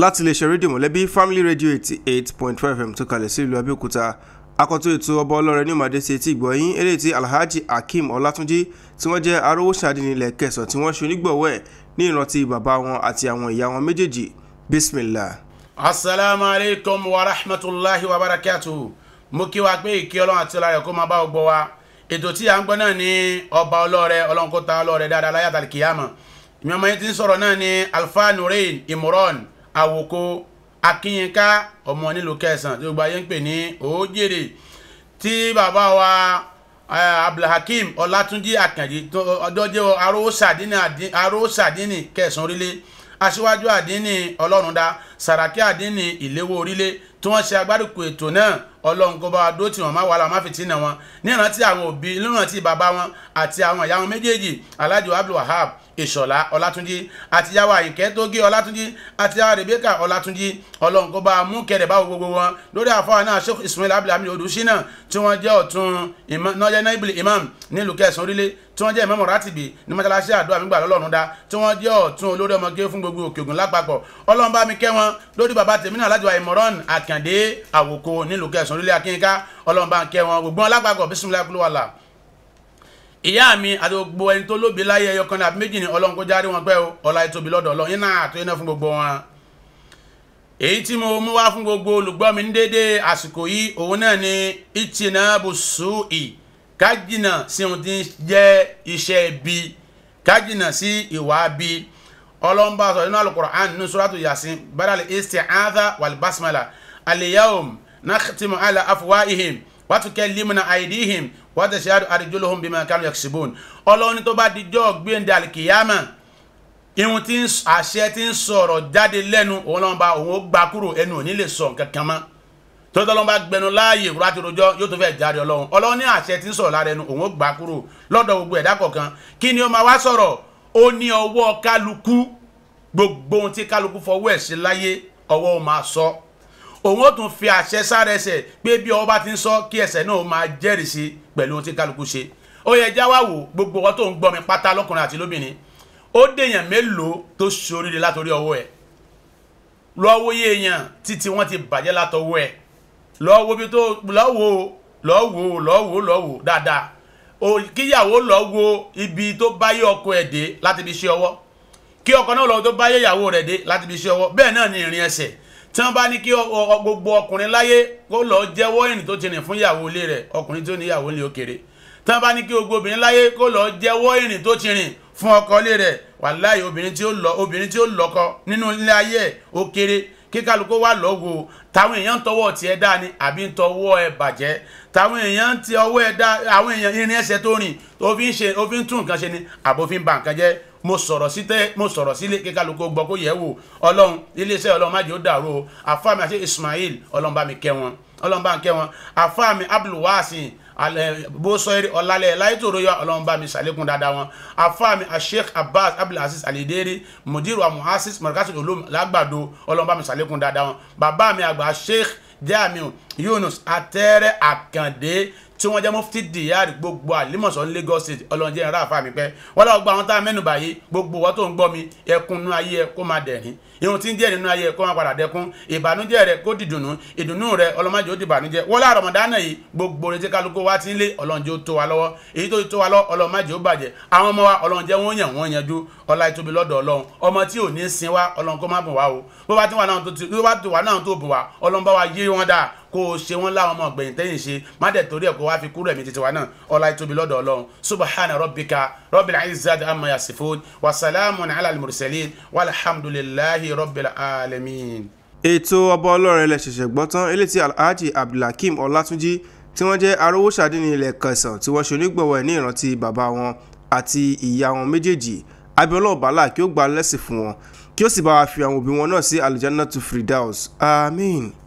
láti iléeṣẹ́ rédíò mọ̀lẹ́bí family radio eighty eight point five m tó kalẹ̀ sí ìlú abẹ́òkúta akọ́tún ètò ọba ọlọ́rẹ̀ ní ìmọ̀dé sí etí ìgbọ̀nyín eléyìí tí alhaji akeem ọlátúnjí tí wọ́n jẹ́ arówó sàdínilẹ̀ kẹsàn-án tí wọ́n ṣe onígbọ̀wọ́ ẹ̀ ní ìrántí bàbá wọn àti àwọn ìyá wọn méjèèjì bismillah. asalaamu aleykum wa rahmatulahi wa barakatuhu mo kí wa pé ìkí ọlọ́run àti ọlá rẹ̀ kó máa bá ọ gbọ́ wa ètò tí à ń gbọ́ náà ní ọba ọlọ́rẹ̀ ọlọ́run kó ta ọlọ́rẹ̀ dáadáa láyàtàlì kìyàmọ̀ ìmọ̀ àwòkọ akínyínká ọmọ nílùú kẹsàn-án tí gbogbo ayé ń pè ní òójèrè tí bàbá wa abdulhakeem ọlátúnjí àkànjì ọdọjẹ arósàdínì arósàdínì kẹsàn-án orílẹ̀ aṣíwájú àdínì ọlọ́rundá sàràkí àdínì ìléwọ́ orílẹ̀ tí wọ́n ṣe agbárùkù ètò náà ọlọ́run kó bá wa dó tiwọn má wàhálà má fìtínà wọn ní ìrántí àwọn òbí nírántí bàbá wọn àti àwọn ìyá wọn méjèèjì alhaji abdulwahab ìṣọ̀lá ọlátúnjí àti yàwó àyìnkẹ́ tógé ọlátúnjí àti yàwó rebeka ọlátúnjí ọlọ́run kó bá a mú kẹrẹ̀ báwo gbogbo wọn lórí àfọwọ́ náà sheikh ismail abdulhamid odùsínà tí wọ́n jẹ́ ọ̀tún imam nílùú kẹsàn-án orílẹ̀ tí wọ́n jẹ́ ìmọ̀mọ̀ rátìbì ní mọ́ṣáláṣí àdúrà mi gbà lọ́lọ́run dá tí wọ́n jẹ́ ọ̀tún olórí ọmọ gé fún gbogbo òkè ògùn lápapọ̀ ọlọ́run bá mi kẹ́ wọn lórí bàbá tèmi náà alájọ àìmọ̀rán àkàndé àwòkọ nílùú kẹsàn-án orílẹ̀ akínká ọlọ́run bá ń kẹ́ wọn gbogbo wọn lápapọ̀ bísímilá kúlúwàlà ìyá mi àti gbogbo ẹni tó lóbi láyé ẹyọ kan ní àbí méjì ni ọlọ́run kó járe wọn pẹ́ o ọlá mo mú wá fún gbogbo olùgbọ́ mi ní déédéé àsìkò yìí ká jìnnà sí ohun tí ń jẹ́ iṣẹ́ ibi ká jìnnà sí ìwà ibi ọlọ́mbà sọ̀rọ̀ nínú al-Qur'an nínú suratu yasin badal isti'adha wal basmala al-yawm nakhtimu ala afwaihim wa tukallimuna aydihim wa tashhadu arjuluhum bima kanu yaksibun ọlọ́run tó bá dijọ́ gbẹ̀ndẹ̀ alikiyama irun tí àṣẹ tí ń sọ̀rọ̀ jáde lẹ́nu ọlọ́run òun ó gbà kúrò ẹnu ò ní lè sọ nǹkan mọ́ torí tọ́lọ́n bá gbẹnu láàyè ìwúrà ti rojọ́ yóò tó fẹ́ jáde ọlọ́run ọlọ́run ní àṣẹ tí ń sọ̀rọ̀ lára ẹnu òun ó gbà kúrò lọ́dọ̀ gbogbo ẹ̀dá kọ̀ọ̀kan kí ni ó máa wá sọ̀rọ̀ ó ní ọwọ́ kálukú gbogbo ohun tí kálukú fọwọ́ ẹ̀ sí láyé ọwọ́ ó máa sọ òun ó tún fi àṣẹ sára ẹsẹ̀ pé bí ọwọ́ bá ti ń sọ kí ẹsẹ̀ náà máa jẹ́rìí pẹ̀lú ohun tí kálukú ṣe ó yẹ jáwá wò gbogbo ọwọ́ tó ń gbọ́ mi pátá lọ́kùnrin àti lóbìnrin ó dèèyàn mélòó tó ṣoríire látòrí ọwọ́ ẹ̀ lọ́wọ́ yéèyàn títí wọ́n ti bàjẹ́ látọwọ́ ẹ̀ lọ wo bi tó lọ wo lọ wo lọ wo lọ wo dáadáa o kíyàwó lọ wo ibi tó báyé ọkọ ẹ̀ dé láti fi ṣe ọwọ́ kí ọkọ náà lọ tó báyé ìyàwó rẹ̀ dé láti fi ṣe ọwọ́ bẹ́ẹ̀ náà ni ìrìn ẹsẹ̀ tí wọ́n bá ní kí gbogbo ọkùnrin láyé kó lọ jẹ́wọ́ ìrìn tó ti rìn fún ìyàwó ilé rẹ̀ ọkùnrin tó ní ìyàwó ilé òkèrè tí wọ́n bá ní kí gbogbo obìnrin láyé kó lọ jẹ́wọ́ ìrìn tó ti rìn fún ọkọ ilé rẹ̀ wàláhì obìnrin tí ó lọ nínú ilé ayé òkèrè kí kálukú wà lọ́wọ́ táwọn èèyàn ń tọwọ́ tiẹ̀ dá ni àbí ń tọwọ́ ẹ bàjẹ́ táwọn èèyàn ń ti ọwọ́ ẹ dá àwọn èèyàn irin ẹsẹ̀ tó rìn tó fi ń ṣe ó fi ń tún nǹkan ṣe ni àbófin ba nǹkan jẹ́ mo sọ̀rọ̀ sí tẹ́ mo sọ̀rọ̀ sílé kí kálukú gbọ́ kó yẹ wò ọlọ́run iléeṣẹ́ ọlọ́run má dàrú o àfáàmì àti Ismail ọlọ́run bá mi kẹ́ wọn ọlọ́run bá mi kẹ́ wọn àfáàmì Abdulwasin bósọ̀rì ọ̀làlẹ̀ láìtòrò yọ ọlọ́run bá mi ṣàlékún dáadáa wọn afáàmì asheikh abbas abdulaziz alideri mudiru amuhasis markasul olum lágbàdo ọlọ́run bá mi ṣàlékún dáadáa wọn bàbá mi àgbà sheikh jamiu yunus atẹ́rẹ́ akande tí wọ́n jẹ́ mufti diyar gbogbo àlímọ̀ṣọ́ ní Lagos State ọlọ́njẹ́ ìran àfa mi pẹ́ wọ́n lọ́ọ́ gba àwọn tá a mẹ́nu báyé gbogbo wọ́n tó ń gbọ́ mi ẹkún nínú ayé ẹ kó máa dẹ̀rín irun tí ń díẹ̀ nínú ayé ẹ kó máa padà dẹkún ìbànújẹ́ rẹ kó dìdùnnú ìdùnnú rẹ ọlọ́mọdé ó dìbànújẹ́ wọ́n lá rọ̀mọ̀dánà yìí gbogbo retí kálukú wá ti ń lé ọlọ́run kó o ṣe wọn láwọn ọmọ ọ̀gbẹ̀yìn tẹ́yìn ṣe má dẹ̀ torí ẹ̀ kó wá fi kúrò ẹ̀mí títí wa náà ọlá ìtóbi lọ́dọ̀ ọlọ́run subahana rabbika rabbil izzati amma yasifun wa salamun mursalin walhamdulillahi rabbil alamin. ètò ọba ọlọ́run ilẹ̀ ṣẹ̀ṣẹ̀ gbọ́ tán eléyìí alhaji abdulhakeem ọlátúnjì tí wọ́n jẹ́ arówóṣàdé ní ilẹ̀ kẹsàn-án tí wọ́n ṣe onígbọ̀wọ́ ẹ̀ ìrántí bàbá wọn àti ìyá wọn méjèèjì abiola obala kí ó gba lẹ́sìn fún wọn kí ó sì bá wa fi àwọn òbí wọn náà sí aljannatul firdaus àmín.